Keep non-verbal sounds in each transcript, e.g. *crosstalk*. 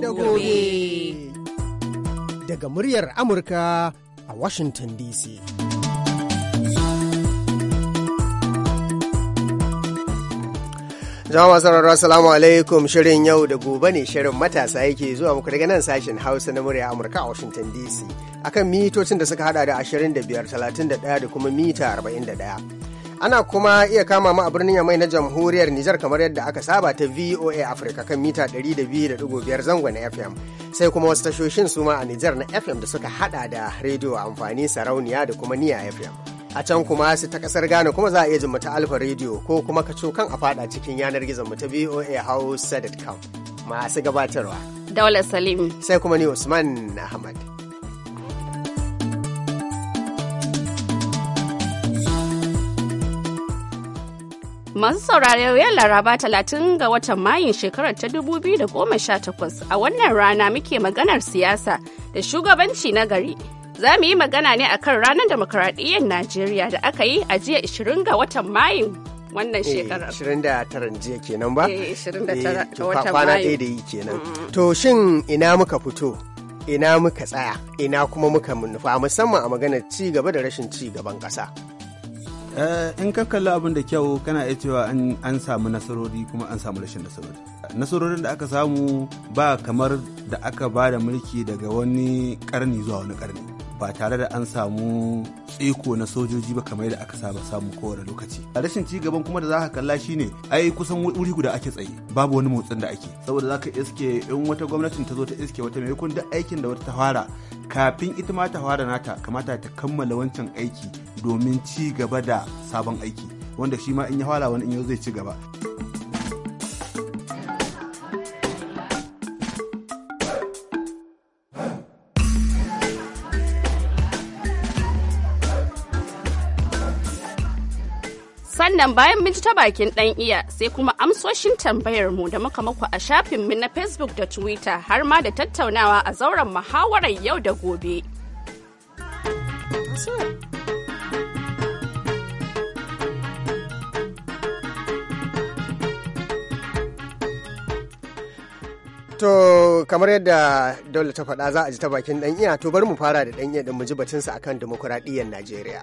da gobe. Daga muryar Amurka a Washington DC. Jama'a rarra salamu alaikum shirin yau da gobe ne shirin matasa yake zuwa muku daga nan sashen Hausa na murya Amurka a Washington DC akan mitocin da suka hada da 25, 31 da kuma mita 41. Ana kuma iya kama mu a birnin Yamai na Jamhuriyar Nijar kamar yadda aka saba ta VOA Africa kan mita 200.5 zango na FM. Sai kuma wasu tashoshin suma a Nijar na FM da suka hada da rediyo amfani sarauniya da kuma niya FM. a can kuma su ta kasar Ghana kuma za a iya jin ta Alfa rediyo ko kuma ka kan a fada cikin yanar gizon mu ta VOA Hausa.com masu gabatarwa. Daula Salim. Sai kuma ni Usman Ahmad. Masu saurare yau Laraba talatin ga watan Mayun shekarar ta 2018 a wannan rana muke maganar siyasa da shugabanci na gari. Za mu yi magana ne akan ranar demokuraɗiyyar Najeriya da aka yi a jiya 20 ga watan Mayun wannan eh, shekarar. 29 jiya kenan ba? Eh, eh, kwana ɗaya da yi kenan. To shin ina muka fito? Ina muka tsaya? Ina kuma muka nufa musamman a maganar ci gaba da rashin ci gaban ƙasa. Eh, in ka kalli abin da kyau kana iya cewa an samu nasarori kuma an samu rashin nasarori nasarorin da aka samu ba kamar da aka ba da mulki daga wani karni zuwa wani karni ba tare da an samu tsiko na sojoji ba kamar yadda aka saba samu kowane lokaci a rashin ci gaban kuma da za ka kalla shine ai kusan wuri guda ake tsaye babu wani motsin da ake saboda za ka iske in wata gwamnatin ta zo ta iske wata mai, duk aikin da wata ta fara kafin ita ma ta fara nata kamata ta kammala wancan aiki domin ci gaba da sabon aiki wanda shi ma in ya fara wani in yau zai ci gaba. Sannan bayan mun ji ta bakin ɗan iya sai kuma amsoshin tambayar mu da muka maku a shafin mu na Facebook da Twitter har ma da tattaunawa a zauren muhawarar yau da gobe. To kamar yadda dole ta faɗa za a ji ta bakin ɗan iya to bari mu fara da ɗan iya da mu ji batunsa akan demokuraɗiyyar Najeriya.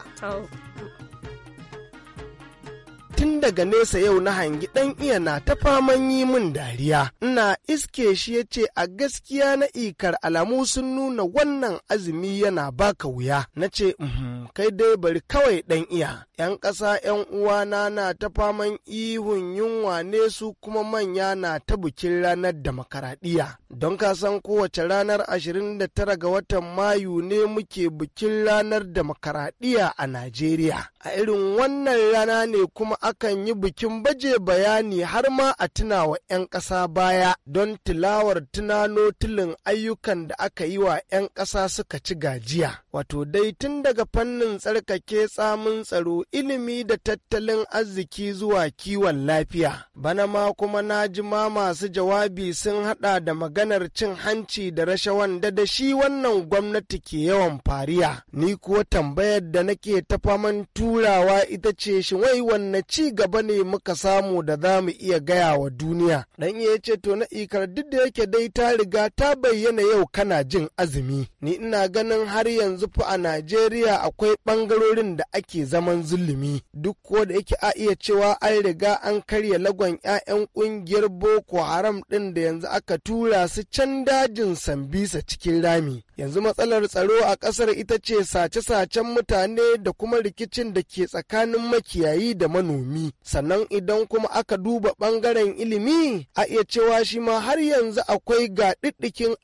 tun daga nesa yau na hangi ɗan iya na ta faman yi min dariya. Ina iske shi yace a gaskiya na ikar alamu sun nuna wannan azumi yana baka wuya. Na ce, uhm, kai dai bari kawai ɗan iya. ‘Yan ƙasa ‘yan uwana na ta faman ihun yunwa ne su kuma manya na ta bikin ranar demakaraɗiyya. Don ka san kowace ranar 29 ga watan Mayu ne muke bikin ranar demakaraɗiyya a Najeriya. A irin wannan rana ne kuma akan yi bikin baje bayani har ma a tuna wa 'yan ƙasa baya don tilawar tunano tilin ayyukan da aka yi wa 'yan ƙasa suka ci gajiya. Wato dai tun daga fannin tsarkake tsamin tsaro ilimi da tattalin arziki zuwa kiwon lafiya. Bana ma kuma na ji ma masu jawabi sun haɗa da maganar cin hanci da rashawan da da shi wannan gwamnati ke yawan fariya. Ni kuwa tambayar da nake ta faman turawa ita ce shi wai wanne ci ci gaba ne muka samu da za mu iya gaya wa duniya dan ya ce to na ikar duk da yake dai ta riga ta bayyana yau kana jin azumi ni ina ganin har yanzu fa a najeriya akwai bangarorin da ake zaman zulumi duk ko da yake a iya cewa an riga an karya lagon 'ya'yan kungiyar boko haram din da yanzu aka tura su can dajin sambisa cikin rami yanzu matsalar tsaro a ƙasar ita ce sace-sacen mutane da kuma rikicin da ke tsakanin makiyayi da manomi sannan idan kuma aka duba ɓangaren ilimi a iya cewa shi ma har yanzu akwai ga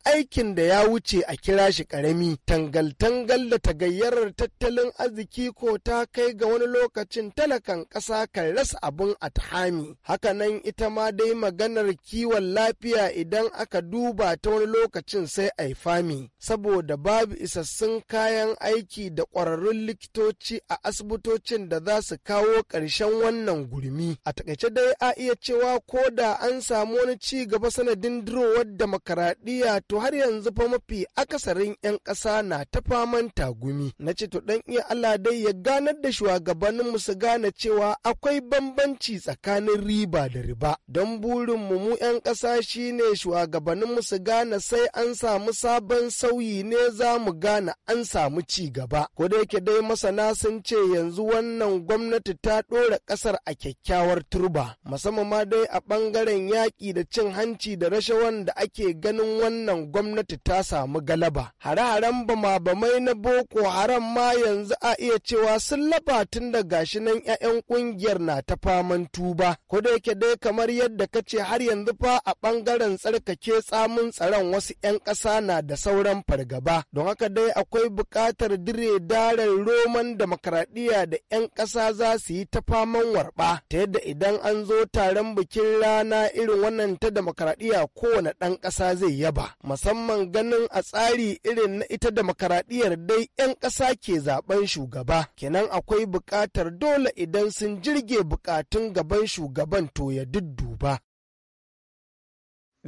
aikin da ya wuce a kira shi ƙarami tangal-tangal da tagayyarar tattalin arziki ko ta kai ga wani lokacin talakan ƙasa kan rasa abin a tahami hakanan ita ma dai maganar kiwon lafiya idan aka duba ta wani lokacin sai a yi fami saboda babu isassun kayan aiki da ƙwararrun likitoci a asibitocin da za su kawo ƙarshen wannan gurmi. A takaice dai a iya cewa ko da an samu wani ci gaba sanadin durowar demokaradiyya to har yanzu fa mafi akasarin 'yan ƙasa na ta faman tagumi. Na ce to ɗan iya Allah dai ya ganar da shugabanninmu su gane cewa akwai bambanci tsakanin riba da riba. Don burinmu mu 'yan ƙasa shine shugabanninmu su gane sai an samu sabon sauyi ne za mu gane an samu ci gaba. Ko da dai masana sun ce yanzu wannan gwamnati ta ɗora ƙasar a kyakkyawar turba, musamman ma dai a ɓangaren yaƙi da cin hanci da rashawan da ake ganin wannan gwamnati ta samu galaba. Hare-haren bama-bamai na Boko Haram ma yanzu a iya cewa sun laba tun da gashi nan 'ya'yan ƙungiyar na ta faman tuba. Ko da dai kamar yadda ka ce har yanzu fa a ɓangaren tsarkake tsamin tsaron wasu 'yan ƙasa na da sauran fargaba don haka dai akwai bukatar dire darar roman demokaradiyya da 'yan ƙasa za su yi ta faman warɓa ta yadda idan an zo taron bikin rana irin wannan ta demokaradiyya kowane ɗan ƙasa zai yaba musamman ganin a tsari irin na ita demokaradiyyar dai 'yan ƙasa ke zaben shugaba kenan akwai bukatar dole idan sun jirge bukatun gaban shugaban to ya dudduba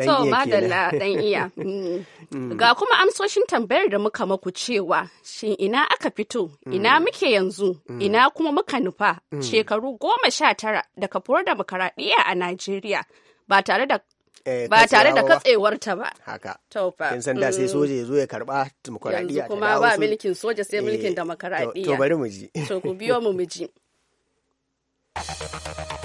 so madalla dan iya *laughs* mm. Mm. ga kuma amsoshin tambayar da muka maku cewa shin ina aka fito mm. ina muke yanzu ina kuma muka nufa shekaru goma sha tara da furar demokaradiyya a najeriya ba tare da eh, ba tare da katsewarta ba haka taufa kin san da sai soja ya zo ya karba demokaradiyya kuma ba milkin soja sai mulkin demokaradiyya eh, to bari mu ji to ku biyo mu mu ji *laughs*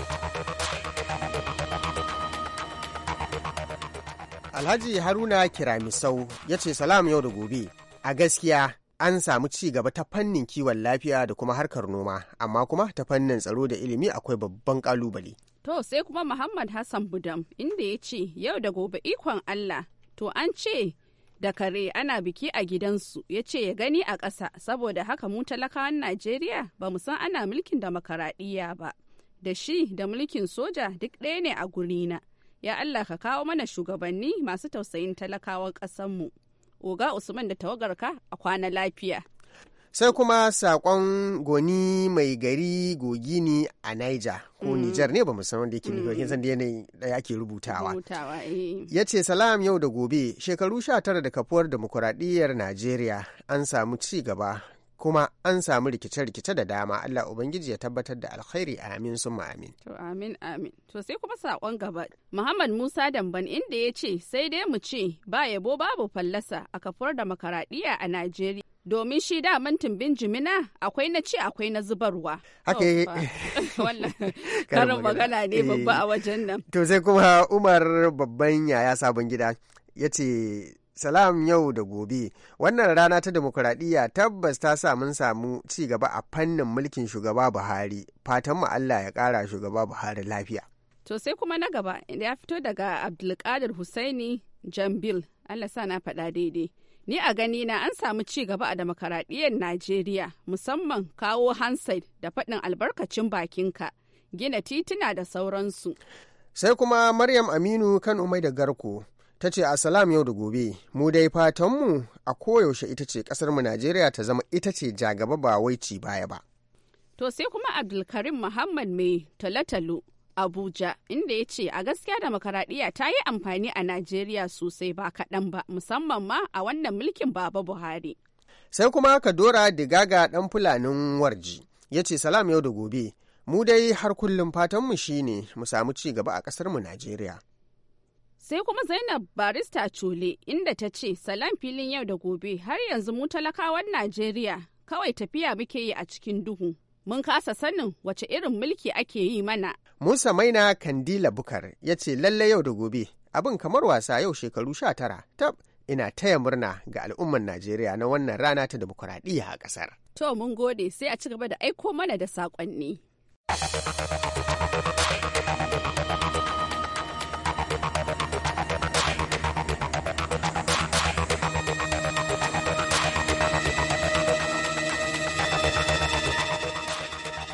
Alhaji Haruna Kiramisau ya ce salam yau da gobe. A gaskiya an samu ci gaba ta fannin kiwon lafiya da kuma harkar noma, amma kuma ta fannin tsaro da ilimi akwai babban kalubale. To sai kuma Muhammad Hassan Budam inda ya ce yau da gobe ikon Allah to an ce da kare ana biki a gidansu ya ce ya gani a ƙasa saboda haka mu talakawan Najeriya ba mu san ana mulkin da ba. Da shi da mulkin soja duk ɗaya ne a gurina. na. ya Allah ka kawo mana shugabanni masu tausayin talakawan ƙasanmu. Oga Usman da tawagar ka a kwana lafiya. Sai kuma saƙon goni mai gari gogini a Niger ko mm. niger ne ba mu san wanda yake nufi mm. kin san da yanayi da yake rubutawa. Eh. Ya ce salam yau da gobe shekaru sha tara da kafuwar demokuraɗiyyar Najeriya an samu ci gaba kuma an samu rikice-rikice da dama Allah Ubangiji ya tabbatar da alkhairi amin sun amin. To amin amin. To sai kuma saƙon gaba. Muhammad Musa Damban inda ya ce sai dai mu ce ba yabo babu fallasa a kafar da makaraɗiya a Najeriya. Domin shi daman tumbin jimina akwai na ci akwai na zubarwa. Haka yi. *laughs* *laughs* karin magana ne babba a wajen nan. Eh. To sai kuma Umar babban yaya sabon gida ya ce salam yau da gobe wannan rana ta demokuraɗiyya tabbas ta sa mun samu ci gaba a fannin mulkin shugaba buhari fatan mu allah ya kara shugaba buhari lafiya to sai kuma na gaba inda ya fito daga abdulkadir husaini jambil allah sa na faɗa daidai ni a gani na an samu ci gaba a demokuraɗiyyar najeriya musamman kawo hansai da faɗin albarkacin bakinka gina tituna da sauransu sai kuma maryam aminu kan umai da garko ta ce Salam yau da gobe mu dai fatanmu a koyaushe ita ce kasarmu najeriya ta zama ita ce jagaba ba wai ci baya ba to sai kuma abdulkarim muhammad mai talatalu abuja inda ya ce a gaskiya demokaradiyya ta yi amfani a najeriya sosai ba kaɗan ba musamman ma a wannan mulkin baba buhari sai kuma ka dora digaga ɗan fulanin warji ya ce salam yau da gobe mu dai har kullum fatanmu shine mu samu ci gaba a ƙasarmu najeriya Sai kuma Zainab Barista Cule inda ta ce salam filin yau da gobe har yanzu mu talakawan Najeriya kawai tafiya muke yi a cikin duhu. Mun kasa sanin wace irin mulki ake yi mana. Musa Maina Kandila Bukar ya ce lalle yau da gobe abin kamar wasa yau shekaru sha tara tab ina taya murna ga al'umman Najeriya na wannan rana ta dimokuraɗiyya a ƙasar. To mun gode sai a ci gaba da aiko mana da saƙonni.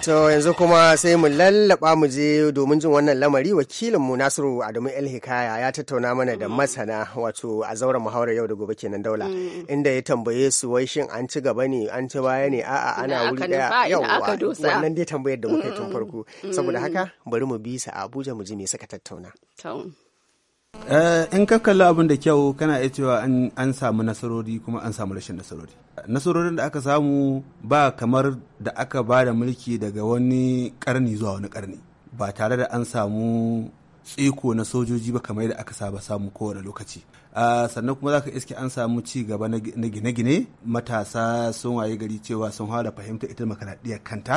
To yanzu kuma sai mu lallaba mu je domin jin wannan lamari wakilinmu Nasiru Adamu El Hikaya ya tattauna mana da masana wato a zauren muhawarar yau da gobe kenan daula mm. inda ya tambaye su wai shin an ci gaba ne an ci baya ne a'a ana wuri daya yauwa wannan dai tambayar da muka yi tun mm. farko mm. saboda haka bari mu bi sa Abuja mu ji me suka tattauna. Eh, in ka kalli abin da kyau kana iya cewa an samu nasarori kuma an samu rashin nasarori. nasarorin da aka samu ba kamar da aka ba da mulki daga wani karni zuwa wani karni ba tare da an samu tsiko na sojoji ba kamar da aka saba samu kowane lokaci sannan kuma zaka iske an samu ci gaba na gine-gine matasa sun waye gari cewa sun fara fahimta ita makaradiyar kanta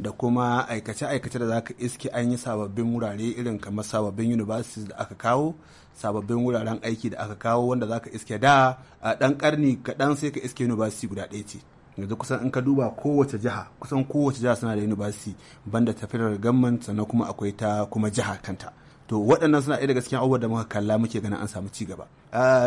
da kuma aikace-aikace da za ka iske an yi sababbin wurare irin kamar sababbin universities da aka kawo sababbin wuraren aiki da aka kawo wanda za ka iske da a ɗan ƙarni kaɗan sai ka iske university guda ɗaya ce yanzu kusan in ka duba kowace jiha kusan kowace jiha suna da university banda ta federal government sannan kuma akwai ta kuma jiha kanta to waɗannan suna ɗaya daga cikin abubuwan da muka kalla muke ganin an samu ci gaba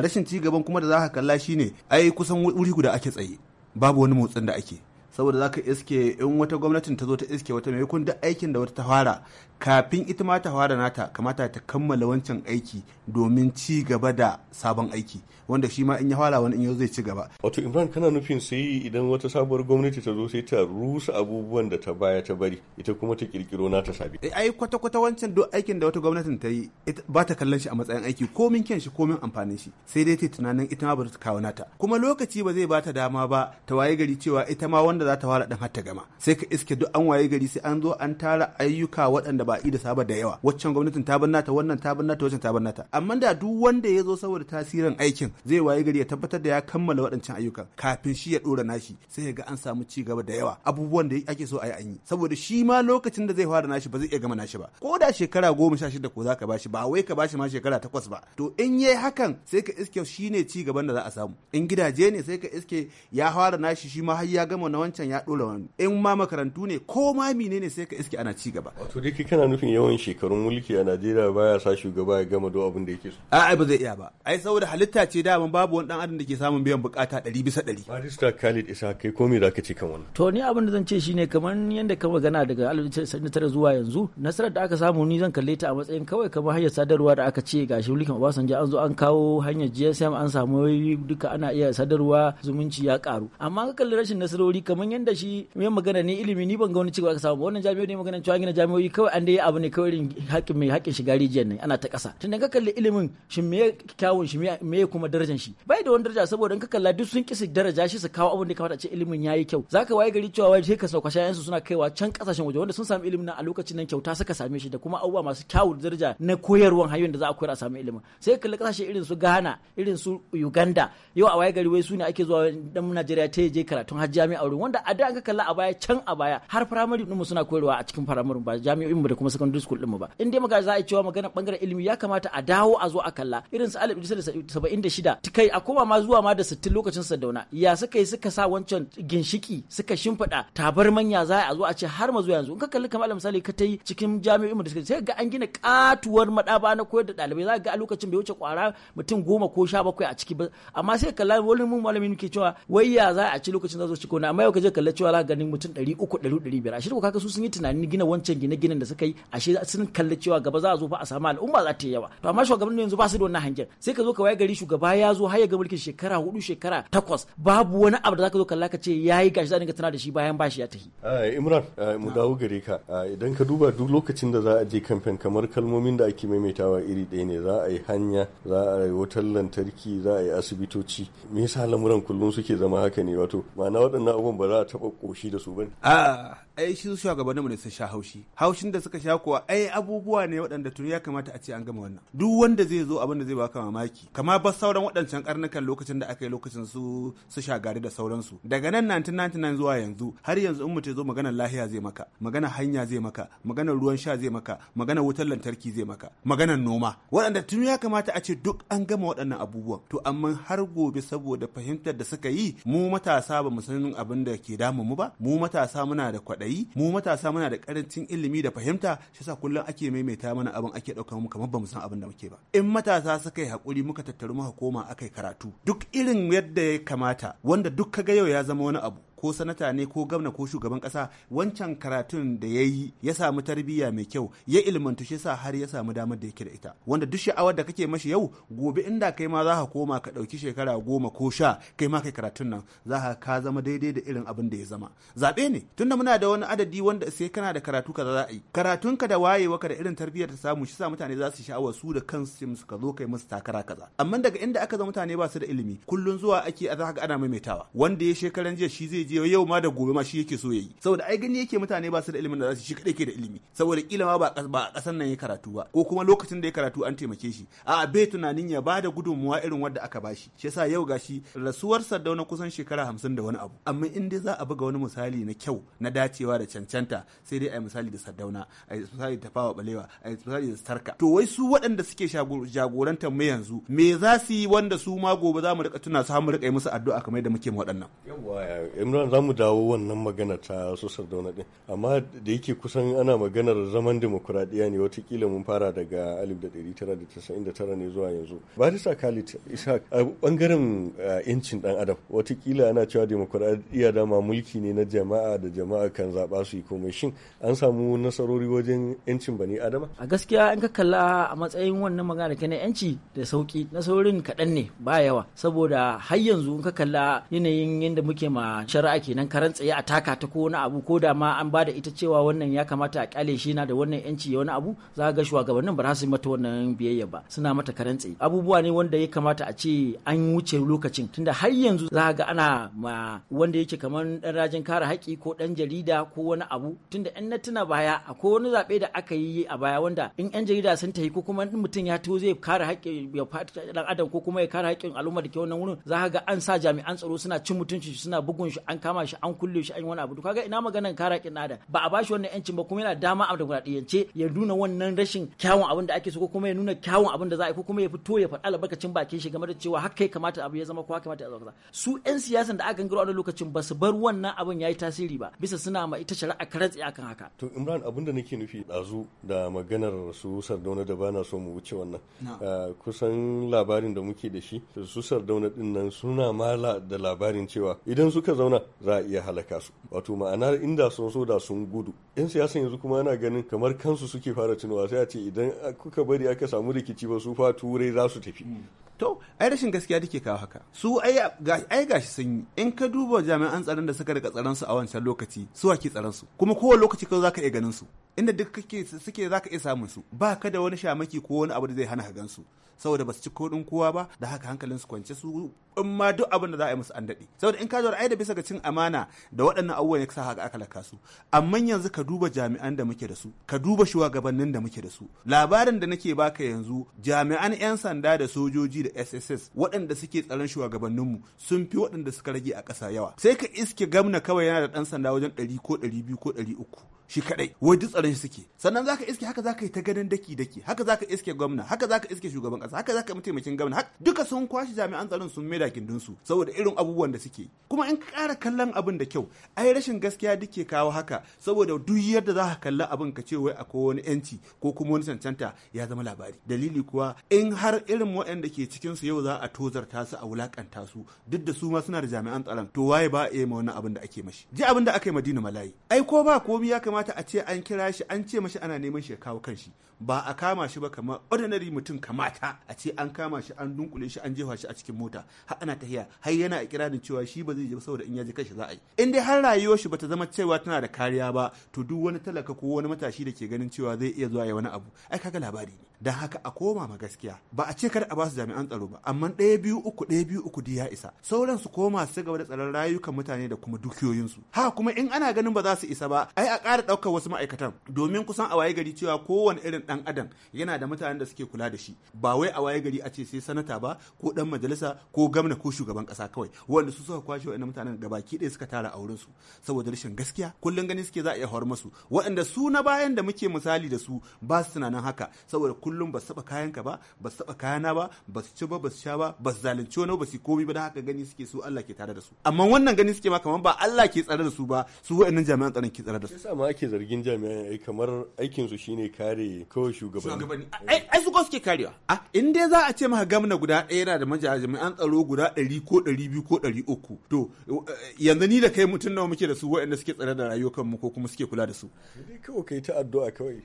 rashin ci gaban kuma da za ka kalla shine ai kusan wuri guda ake tsaye babu wani motsin da ake saboda za ka iske in wata gwamnatin ta zo ta iske wata maimakon duk aikin da wata ta fara kafin ita ma ta fara nata kamata ta kammala wancan aiki domin ci gaba da sabon aiki wanda shi ma in ya fara wani in yau zai ci gaba wato imran kana nufin sai idan wata sabuwar gwamnati ta zo sai ta rusa abubuwan da ta baya ta bari ita kuma ta kirkiro nata sabi eh, ai kwata kwata wancan duk aikin da wata gwamnatin ta yi ba ta kallon shi a matsayin aiki komin kyan shi komin amfanin shi sai dai ta tunanin ita ma ba ta kawo nata kuma lokaci ba zai bata dama ba ta waye gari cewa ita ma wanda za ta fara din har ta gama sai ka iske duk an waye gari sai an zo an tara ayyuka waɗanda ba baki da saba da yawa waccan gwamnatin ta nata wannan ta nata waccan ta nata amma da duk wanda ya zo saboda tasirin aikin zai wayi gari ya tabbatar da ya kammala waɗancan ayyukan kafin shi ya ɗora nashi sai ya ga an samu ci gaba da yawa abubuwan da ake so a yi an yi saboda shi ma lokacin da zai fara nashi ba zai iya gama nashi ba ko da shekara goma sha shida ko za ka bashi ba wai ka bashi ma shekara takwas ba to in yayi hakan sai ka iske shi ne ci gaban da za a samu in gidaje ne sai ka iske ya fara nashi shi ma har ya gama na wancan ya dora wani in ma makarantu ne ko ma menene sai ka iske ana ci gaba wato dai kana nufin yawan shekarun mulki a Najeriya baya sa shugaba ya gama duk abin da yake so. A'a ba zai iya ba. Ai saboda halitta ce da babu wani dan adam da ke samun biyan bukata 100 bisa 100. Barista Khalid Isa kai ko me zaka ce kan wannan? To ni abin da zan ce shine kamar yanda ka magana daga 1999 zuwa yanzu nasarar da aka samu ni zan kalle ta a matsayin kawai kamar hanyar sadarwa da aka ce gashi mulkin Obasanjo an zo an kawo hanyar GSM an samu duka ana iya sadarwa zumunci ya karu. Amma ka kalli rashin nasarori kamar yanda shi mai magana ne ilimi ni ban ga wani cewa aka samu wannan jami'o ne magana cewa gina jami'o kawai kan dai abu ne kawai haƙƙin mai haƙƙin shiga rijiyar nan ana ta ƙasa tunda ka kalli ilimin shi me kyawun shi me kuma darajar shi bai da wani daraja saboda in ka kalla duk sun kisa daraja shi su kawo abin da kamata ce ilimin yayi kyau zaka waye gari cewa wai sai ka sauka shayansu suna kaiwa can kasashen waje wanda sun samu ilimin nan a lokacin nan kyauta suka same shi da kuma abubuwa masu kyawun daraja na koyarwan hanyoyin da za a koyar a samu ilimin sai kalli kasashe irin su Ghana irin su Uganda yau a waye gari wai su ne ake zuwa dan Najeriya ta je karatun har jami'a wurin wanda a da an ka kalla a baya can a baya har firamare mu suna koyarwa a cikin firamare ba jami'o'in mu da kuma secondary school din mu ba in dai maka za a cewa magana bangaren ilimi ya kamata a dawo a zo a kalla irin su 1976 kai a koma ma zuwa ma da 60 lokacin Sardauna ya suka yi suka sa wancan ginshiki suka shimfiɗa tabar manya za a zo a ce har ma zuwa yanzu in ka kalli kamar misali ka ta yi cikin jami'o'in mu da sai ga an gina katuwar madaba na koyar da ɗalibai za ga a lokacin bai wuce kwara mutum goma ko sha bakwai a ciki ba amma sai kalla wani mun malami ne ke cewa wai ya za a ci lokacin za zo ci kona amma yau ka je kalla cewa za ganin mutum 300 300 a shirko kaka su sun yi tunanin gina wancan gine-ginen da suka kai ashe sun kalli cewa gaba za a zo fa a samu al'umma za ta yi yawa to amma shugaban yanzu ba su da wannan hangen sai ka zo ka waye gari shugaba ya zo har ya ga mulkin shekara hudu shekara takwas babu wani abu da zaka zo kalla ka ce yayi gashi za dinga tana da shi bayan bashi ya tafi ah, imran ah, mu dawo gare ka ah, idan ka duba duk lokacin da za a je kamfen kamar kalmomin da ake maimaitawa iri ɗaya ne za a yi hanya za a yi wutar lantarki za a yi asibitoci me yasa lamuran kullum suke zama haka ne wato ma'ana waɗannan abubuwan ba za a taɓa ƙoshi da su ba a ai shi mu ne sun sha haushi haushin da suka sha kuwa ai abubuwa ne waɗanda tuni ya kamata a ce an gama wannan duk wanda zai zo abin da zai baka mamaki kama ba sauran waɗancan karnukan lokacin da aka yi lokacin su su shagari da sauransu daga nan 1999 zuwa yanzu har yanzu in mutum zo magana lahiya zai maka magana hanya zai maka magana ruwan sha zai maka magana wutar lantarki zai maka magana noma waɗanda tuni ya kamata a ce duk an gama waɗannan abubuwan to amma har gobe saboda fahimtar da suka yi mu matasa ba mu san abin da ke damu mu ba mu matasa muna da kwaɗa kaɗai mu matasa muna da karancin ilimi da fahimta shi kullum ake maimaita mana abin ake ɗauka mu kamar mu san abin da muke ba in matasa suka yi hakuri muka tattaru muka koma akai karatu duk irin yadda ya kamata wanda duk kaga yau ya zama wani abu ko sanata ne ko gwamna ko shugaban kasa wancan karatun da ya yi ya samu tarbiyya mai kyau ya ilmantu shi sa har ya samu damar da yake da ita wanda duk sha'awar da kake mashi yau gobe inda kai ma za ka koma ka ɗauki shekara goma ko sha kai ma kai karatun nan za ka ka zama daidai da irin abin da ya zama zaɓe ne tunda muna da wani adadi wanda sai kana da karatu kaza za a yi karatunka da wayewa da irin tarbiyyar ta samu shi sa mutane za su sha'awar su da kansu su ka zo kai musu takara kaza amma daga inda aka zama mutane ba su da ilimi kullun zuwa ake a za ka ana maimaitawa wanda ya shekaran jiya shi zai je yau ma da gobe ma shi yake so ya yi saboda ai gani yake mutane ba su da ilimin da za su shi kadai ke da ilimi saboda kila ma ba ba a kasan nan ya karatu ba ko kuma lokacin da ya karatu an taimake shi a bai tunanin ya ba da gudunmuwa irin wanda aka bashi shi yasa yau gashi rasuwar wani kusan shekara hamsin da wani abu amma in dai za a buga wani misali na kyau na dacewa da cancanta sai dai a misali da saddauna a misali da fawa Balewa a misali da Sarka to wai su waɗanda suke jagorantar mu yanzu me za su yi wanda su ma gobe za mu rika tuna su har mu rika yi musu addu'a kamar yadda muke waɗannan yawa za mu dawo wannan magana ta su sardauna ɗin amma da yake kusan ana maganar zaman demokuraɗiyya ne watakila mun fara daga 1999 ne zuwa yanzu barista khalid ishaq a bangaren yancin dan adam watakila ana cewa demokuraɗiyya dama mulki ne na jama'a da jama'a kan zaɓa su yi komai shin an samu nasarori wajen yancin bani adama a gaskiya in ka kalla a matsayin wannan magana da na yanci da sauki nasarorin kaɗan ne ba yawa saboda har yanzu in ka kalla yanayin yadda muke ma ra'a kenan karan tsaye a taka ta ko wani abu ko da ma an bada ita cewa wannan ya kamata a kyale shi na da wannan yanci ya wani abu za ga shugabannin ba za su mata wannan biyayya ba suna mata karan tsaye abubuwa ne wanda ya kamata a ce an wuce lokacin tunda har yanzu za ga ana ma wanda yake kamar dan rajin kare haƙi ko dan jarida ko wani abu tunda in na tuna baya akwai wani zaɓe da aka yi a baya wanda in yan jarida sun tafi ko kuma mutum ya to zai kare haƙi ya dan adam ko kuma ya kare haƙin al'umma da ke wannan wurin za ga an sa jami'an tsaro suna cin mutunci suna bugun shi an kama shi an kulle shi an yi wani abu kaga ina maganan kara kin nada ba a bashi wannan yancin ba kuma yana dama a demokradiyyance ya nuna wannan rashin kyawun abin da ake so ko kuma ya nuna kyawun abin da za a yi ko kuma ya fito ya faɗa albarkacin bakin shi game da cewa haka ya kamata abu ya zama ko haka kamata ya zama su yan siyasan da aka gangaro a lokacin ba su bar wannan abin yayi tasiri ba bisa suna ma ita shari'a karatsi akan haka to Imran abin da nake nufi dazu da maganar su Sardauna da bana so mu wuce wannan ah, kusan labarin da muke da shi su Sardauna din nan suna mala da labarin cewa idan suka zauna za iya halaka su wato ma'ana inda sun so da sun gudu yan siyasan yanzu kuma yana ganin kamar kansu suke fara cinuwa sai a ce idan kuka bari aka samu rikici ba su fa turai za su tafi hmm. to ai rashin gaskiya take kawo haka su ai gashi sun yi in ka duba jami'an tsaron da suka rika tsaron su a wancan lokaci su wake tsaron su kuma kowane lokaci ka zaka iya ganin su inda duk kake suke zaka iya samun su ba ka da wani shamaki ko wani abu da zai hana ka gan su saboda basu ci kodin kowa ba da haka hankalin su kwance su in ma duk abin da za a yi musu an daɗe saboda in ka zo da bisa ga cin amana da waɗannan abubuwan ya sa haka aka laka su amma yanzu ka duba jami'an da muke da su ka duba shugabannin da muke da su labarin da nake baka yanzu jami'an 'yan sanda da sojoji da sss waɗanda suke tsaron shugabanninmu sun fi waɗanda suka rage a ƙasa yawa sai ka iske gamna kawai yana da ɗan sanda wajen ɗari ko ɗari biyu ko ɗari uku shi kadai wai duk tsaron shi suke sannan zaka iske haka zaka yi ta ganin daki daki haka zaka iske gwamna haka zaka iske shugaban kasa haka zaka mataimakin gwamna duka sun kwashi jami'an tsaron sun maida gindin su saboda irin abubuwan da suke kuma in ka ƙara kallon abin da kyau ai rashin gaskiya duke kawo haka saboda duk yadda za kalla abin ka ce wai akwai wani yanci ko kuma wani cancanta ya zama labari dalili kuwa in har irin waɗanda ke cikin su yau za a tozarta su a wulakanta su duk da su ma suna da jami'an tsaron to waye ba a yi ma wani abin da ake mashi ji abin da aka yi madina malayi ai ko ba komi ya kamata kamata a ce an kira shi an ce mashi ana neman shi ya kawo kanshi ba a kama shi ba kamar ordinary mutum kamata a ce an kama shi an dunkule shi an jefa shi a cikin mota har ana tahiya har yana ikirarin cewa shi ba zai je saboda in ya ji kanshi za a yi in dai har rayuwar shi bata zama cewa tana da kariya ba to duk wani talaka ko wani matashi da ke ganin cewa zai iya zuwa ya wani abu ai kaga labari ne dan haka a koma ma gaskiya ba a ce kar a ba su jami'an tsaro ba amma ɗaya biyu uku ɗaya biyu uku ya isa sauran su koma su gaba da tsaron rayukan mutane da kuma dukiyoyinsu ha kuma in ana ganin ba za su isa ba ai a ƙara ƙara ɗaukar wasu ma'aikatan domin kusan a waye gari cewa kowane irin ɗan adam yana da mutanen da suke kula da shi ba wai a waye gari a ce sai sanata ba ko ɗan majalisa ko gwamna ko shugaban ƙasa kawai wanda su suka kwashe waɗannan mutanen gabaki ɗaya suka tara a wurin su saboda rashin gaskiya kullum gani suke za a iya hawar musu waɗanda su na bayan da muke misali da su ba su tunanin haka saboda kullum ba su taɓa kayanka ba ba su taɓa kayana ba ba su ci ba ba su sha ba ba su zalunci wani ba su komi ba da haka gani suke su Allah ke tare da su amma wannan gani suke ma kamar ba Allah ke tsare da su ba su waɗannan jami'an tsaron ke tsare da su ake zargin jami'an ai kamar aikin su shine kare kawai shugabanni eh. ai ai su ko suke karewa a ah, in dai za a ce maka gamna guda ɗaya yana da majiya jami'an tsaro guda 100 ko 200 ko 300 to eh, yanzu ni da kai mutum nawa muke da su waɗanda suke tsare da rayukan mu ko kuma suke kula da su dai kawai kai ta addu'a kawai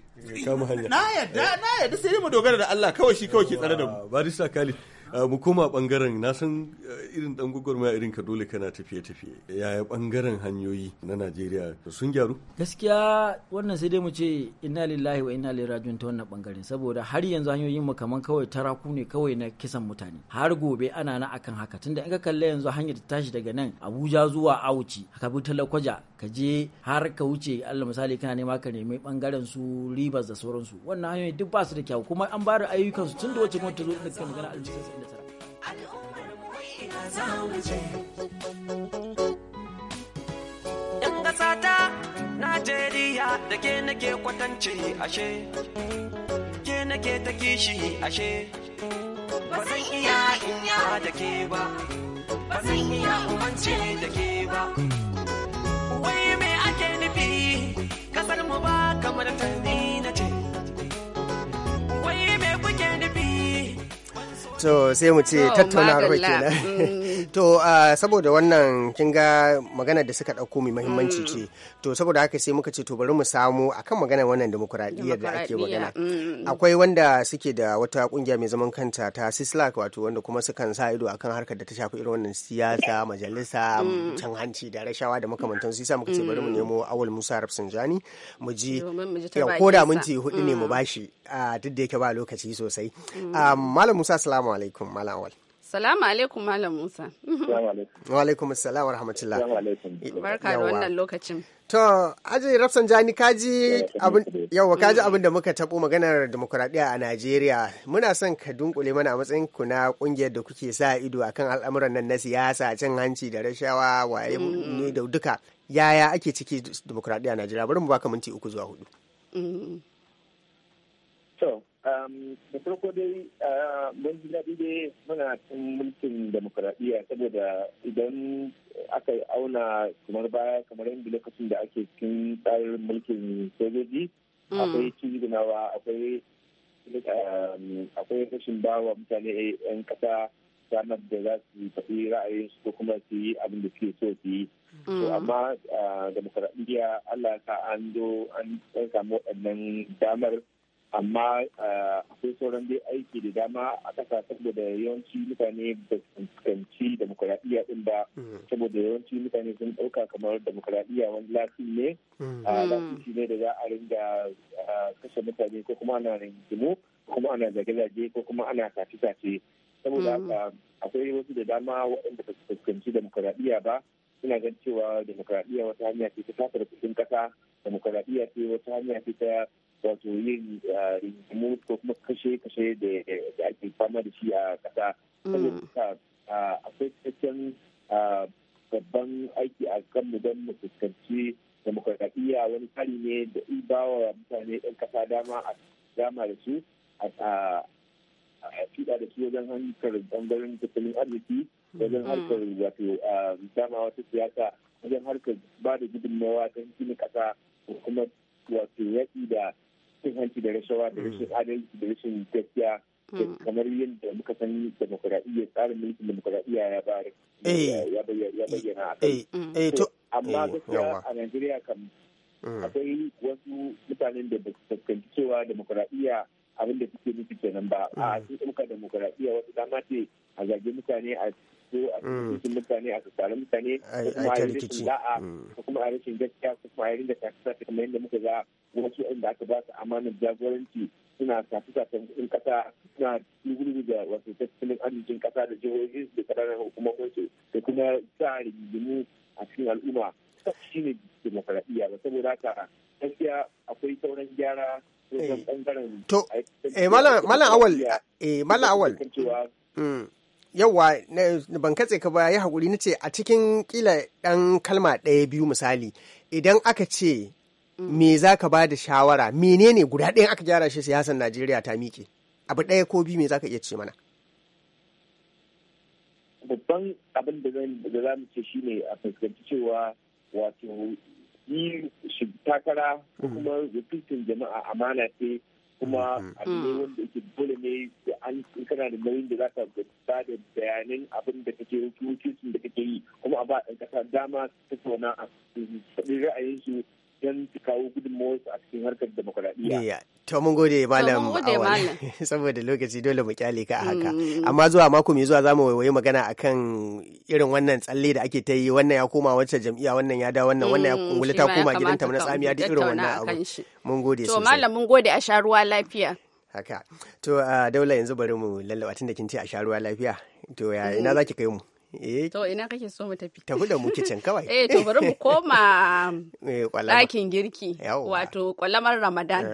ka mu hanya na yadda na yadda sai mu dogara da Allah kawai shi kawai ke tsare da mu ah, barista Khalid Eh, mu koma bangaren na san eh, irin dan gwagwarmaya irin ka dole kana tafiye-tafiye yaya bangaren hanyoyi na Najeriya sun gyaru gaskiya wannan sai dai mu ce inna lillahi wa inna ilaihi rajiun ta wannan bangaren saboda har yanzu hanyoyin mu kaman kawai taraku ne kawai na kisan mutane har gobe ana na akan haka tunda in ka kalla yanzu hanyar ta tashi daga nan Abuja zuwa Auci ka bi Talakwaja ka je har ka wuce Allah misali kana nema ka nemi bangaren su ribas da sauransu wannan hanyoyi duk ba su da kyau kuma an ba da ayyukan su tun da wacce gwamnati zo da kan magana aljihu al'ummar mu ina za mu je yan ƙasa ta najeriya da ke nake kwatance ashe ke nake ta kishi ashe ba zan iya inya da ke ba ba zan iya umance da ke ba wai me ake nufi kasar mu ba kamar tanni to sai mu ce tattaunawar kenan to saboda wannan kin ga magana da suka ɗauko mai mahimmanci mm. ce to saboda haka sai muka ce to bari mu samu akan magana wannan demokuraɗiyya da ake magana mm. akwai wanda suke da wata kungiya mai zaman kanta ta sislak wato wanda kuma sukan sa ido akan harkar da ta shafi irin wannan siyasa majalisa mm. can hanci da rashawa da makamantan su yasa muka ce bari mu nemo awal musa rafsanjani mu ji ko da minti hudu ne mu bashi duk da yake ba lokaci sosai um, malam musa assalamu alaikum malam awal Salamu alaikum Malam Musa. Wa alaikum assalam wa rahmatullah. Salamu Barka da wannan lokacin. To, aji Rafsan Jani kaji abin yawa kaji mm. abin da muka tabo maganar demokuraɗiyya a Najeriya. Muna son ka dunkule mana a matsayin ku na kungiyar da kuke sa ido akan al'amuran nan na siyasa, cin hanci da rashawa, waye mm. ne da duka. Yaya ake ciki demokuraɗiyya a Najeriya? Bari mu baka minti uku zuwa hudu. Mm. da farko dai mun ji daɗi dai muna cin mulkin demokuraɗiyya saboda idan aka auna kamar baya kamar yadda lokacin da ake cikin tsarin mulkin sojoji mm. akwai cizinawa akwai akwai rashin bawa mutane 'yan ƙasa sanar da za su tafi ra'ayinsu ko kuma su yi abin da suke so su yi. To mm. amma demokuraɗiyya Allah ka an zo an samu waɗannan damar amma eh, akwai sauran dai aiki da dama a ƙasa saboda yawanci mutane ba su fuskanci demokuraɗiyya ɗin ba mm. saboda yawanci mutane sun ɗauka kamar demokuraɗiyya wani lafin ne mm. ah, mm. latin ne da za a ringa ah, kashe mutane ko kuma ana rinjimu ko kuma ana zage-zage ko kuma ana sace-sace saboda akwai wasu da dama waɗanda ba su fuskanci demokuraɗiyya ba suna gan cewa demokuraɗiyya wata hanya ce ta tafar kuɗin kasa demokuraɗiyya ce wata hanya ce ta wato yin ah, rigimu ko kuma kashe-kashe da ake fama da shi a kasa. Mm. Ah, akwai cikakken ah, babban aiki a kan kanmu don mu fuskanci demokradiyya wani tsari ne da ba wa mutane ɗan kasa dama a dama da su a fiɗa da su wajen hankar ɓangaren tattalin arziki mm. wajen harkar wato dama wata siyasa wajen harkar ba da gudunmawa don kasa kasa. kuma wato yaƙi da cin hanci da rashawa da mm. rashin adalci da rashin gaskiya mm. kamar yadda muka san demokuraɗiyya tsarin mulkin demokuraɗiyya ya bari eh. ya bayyana a kai eh, eh, amma gaskiya a najeriya kan mm. akwai wasu mutanen da ba su fuskanci cewa demokuraɗiyya abin da suke nufi kenan ba a sun ɗauka demokuraɗiyya wasu dama ce a zage mutane a su a cikin mm. mutane a tsakanin mutane mm. ko kuma a rashin da'a ko kuma a rashin gaskiya ko kuma a rinda ta kamar yadda muka ga wasu da aka ba su amanar jagoranci suna tafi tafi kudin kasa suna gurbi da wasu tattalin arzikin kasa da jihohi da ƙananan hukumominsu da kuma sa rigimu a cikin al'umma shi ne demokaradiyya ba saboda haka gaskiya akwai sauran gyara wajen eh. ɓangaren to eh, eh malam awal eh malam awal yawa ban katse ka ba ya haƙuri na ce a cikin kila ɗan kalma ɗaya biyu misali idan aka ce me za ka ba da shawara menene guda ɗaya aka gyara shi siyasar najeriya ta miƙe abu ɗaya ko biyu me za ka iya ce mana babban abin da za mu ce shine a fuskanci cewa wato yi takara mm-hmm. kuma wakilcin jama'a amana ce kuma mm-hmm. abu ne mm. wanda ke dole ne an kana da nauyin da za ka ba da bayanan abin da kake hukuncin da kake yi kuma a ba ɗan ƙasa dama tattauna a ra'ayin su don su kawo gudunmawarsu a cikin harkar demokuraɗiyya. To mun gode malam awal *laughs* saboda lokaci dole mu kyale ka a haka. Mm. Amma zuwa mako mai zuwa zamu waiwayi magana akan irin wannan tsalle da ake ta yi wannan ya koma wacce jam'iyya wannan ya da wannan wannan ya mm, kungula ta koma gidanta na tsamiya duk irin wannan abu. Mun gode sosai. To malam mun gode a sharuwa lafiya. Haka. To daula yanzu bari mu lallaba tun da kin ce a sharuwa lafiya. To ya ina mm. zaki kai mu? Eh. To ina kake so mu tafi? Tafi da mu kicin kawai. *laughs* Eh to bari mu koma *laughs* eh, ɗakin girki. Wato kwalamar Ramadan.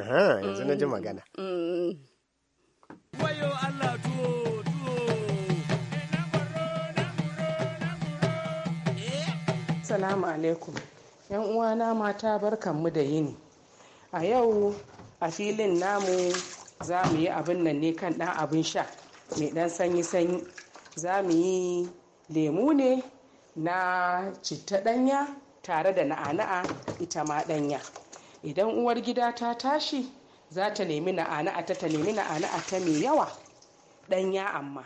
Yanzu na ji mm, magana. Mm. Salamu alaikum. ‘Yan uwana mata barkanmu da yini. A yau a filin namu za mu yi abin nan ne kan ɗan abin sha mai ɗan sanyi-sanyi. Za mu yi lemu ne na citta ɗanya tare da na'ana'a ita ma ɗanya idan uwar gida ta tashi za ta nemi na'ana'a ta ta nemi na'ana'a ta mai yawa ɗanya amma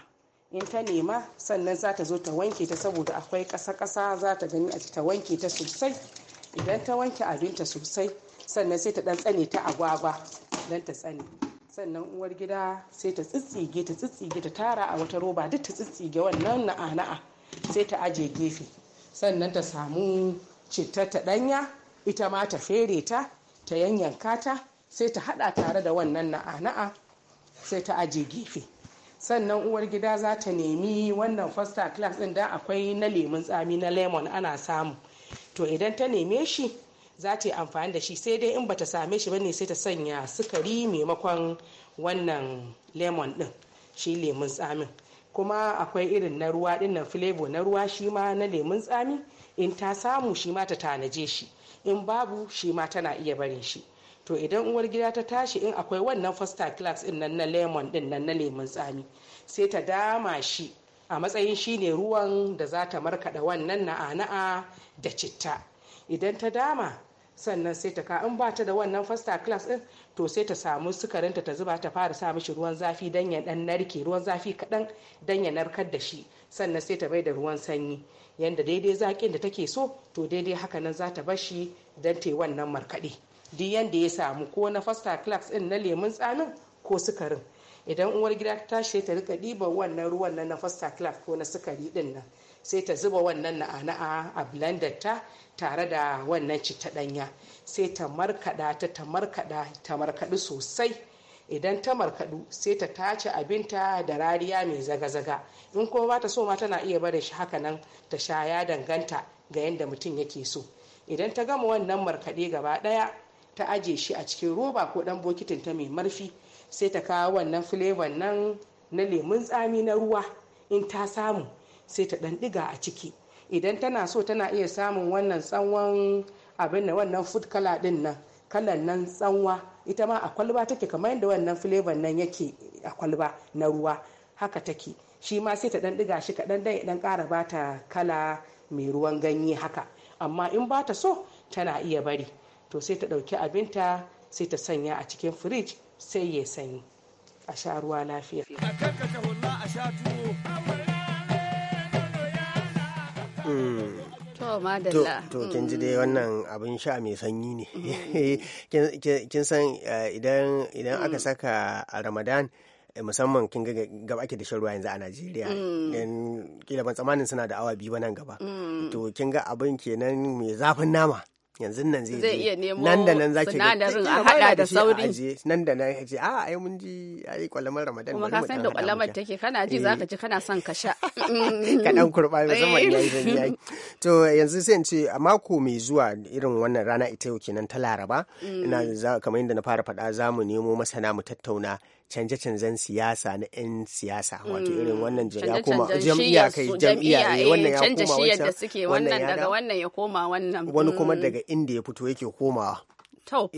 in ta nema sannan za ta zo ta wanke ta saboda akwai ƙasa-ƙasa za ta gani a ta wanke ta sosai idan ta wanke abinta sosai sannan sai ta ɗan tsane ta agwagwa don ta tsane sannan uwar gida sai ta tsitsige ta tsitsige ta tara a wata roba duk ta tsitsige wannan na'ana'a sai ta aje gefe sannan ta samu citta ta danya ita ma ta fere ta ta yanyanka ta sai ta hada tare da wannan na'ana'a sai ta aje gefe sannan uwar gida za ta nemi wannan fasta class din da akwai na lemun tsami na lemon ana samu to idan ta neme shi za ta yi amfani da shi sai dai in bata same shi bane sai ta sanya sukari maimakon wannan lemon din shi lemun tsamin kuma akwai irin na ruwa din nan flavor na ruwa shi ma na lemun tsami in ta samu shi ma ta tanaje shi in babu shi ma tana iya barin shi to idan uwar gida ta tashi in akwai wannan first class din nan na lemon din nan na lemun tsami sai ta dama shi a matsayin shi ne ruwan da za ta markaɗa wannan na'ana'a da citta idan ta dama sannan sai ta ka in ba ta da wannan fasta class din to sai ta samu sukarinta ta zuba ta fara sa mishi ruwan zafi dan ya dan narke ruwan zafi kadan dan ya narkar da shi sannan sai ta bai da ruwan sanyi yanda daidai zakin da take so to daidai haka nan za ta bar shi dan ta wannan markade duk yanda ya samu ko na fasta class din na lemun tsamin ko sukarin idan uwar gida ta tashi ta rika diba wannan ruwan nan na foster club ko na sukari din nan sai ta zuba wannan na'a-na'a a blender ta tare da wannan ta danya sai ta markaɗa ta ta markaɗa ta markaɗu sosai idan ta markaɗu sai ta tace abinta da rariya mai zaga-zaga in kuma ba ta so ma tana iya barin shi haka nan ta sha ya danganta ga yanda mutum yake so idan ta gama wannan markaɗe gaba ɗaya ta aje shi a cikin roba ko ɗan bokitin ta mai marfi sai ta kawo wannan flavor nan na lemun tsami na ruwa in ta samu sai ta ɗanɗiga diga a ciki idan tana so tana iya samun wannan tsawon abin da wannan food color ɗin nan kalan nan tsanwa ita ma a kwalba take kamar yadda wannan flavor nan yake a kwalba na ruwa haka take shi ma sai ta dan diga shi kaɗan dan dan ƙara bata kala mai ruwan ganye haka amma in ba ta so tana iya bari to sai ta ɗauki abinta sai ta sanya a cikin fridge. sai ya sanyi a sha ruwa lafiya To, kin ji dai wannan abin sha mai sanyi ne. *laughs* Kin san eh, idan aka mm. saka a Ramadan eh, musamman kin ga gaba ake da shan ruwa yanzu a Najeriya. Yan mm. kila ban tsamanin suna da awa biyu ba nan gaba. Mm. To kin ga abin kenan mai zafin nama. yanzu nan zai iya nemo nan da nan zaki sinadarin a hada da sauri nan da nan ce a ah, ai mun ji ai kwalamar ramadan kuma ka san da kwalamar take kana ji zaka ji kana son ka sha *laughs* ka dan kurba musamman eh. yayi dan yayi to yanzu sai in ce a mako mai zuwa irin wannan rana ita yau kenan ta laraba mm. ina kamar yadda na fara faɗa zamu nemo masana mu tattauna canje-canjen siyasa na 'yan siyasa mm. wato irin wannan ya koma jam'iyya kai jam'iyya ne wannan ya koma wannan daga wannan ya koma wannan wani kuma mm. daga inda ya fito yake komawa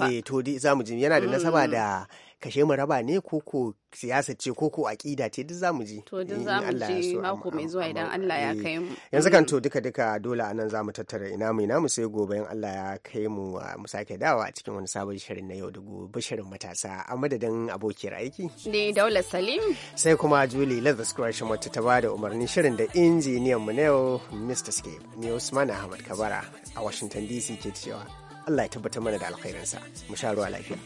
eh to dai za ji yana da mm. nasaba da kashe mu raba ne ko ko siyasa ce ko ko aƙida ce duk zamu ji to duk zamu ji mako mai zuwa idan Allah ya eh. kai mu yanzu mm. kan to duka duka dole anan zamu tattara ina mu ina mu sai gobe in Allah ya kai mu mu sake dawa a cikin wani sabon shirin na yau da gobe shirin matasa a madadin abokiyar aiki ne Daula Salim sai kuma Julie Leathers Crush wacce ta bada umarnin shirin da injiniyan mu na yau Mr. Scape ni Usman Ahmad Kabara a Washington DC ke cewa Allah ya tabbatar mana da alkhairinsa mu sha ruwa lafiya.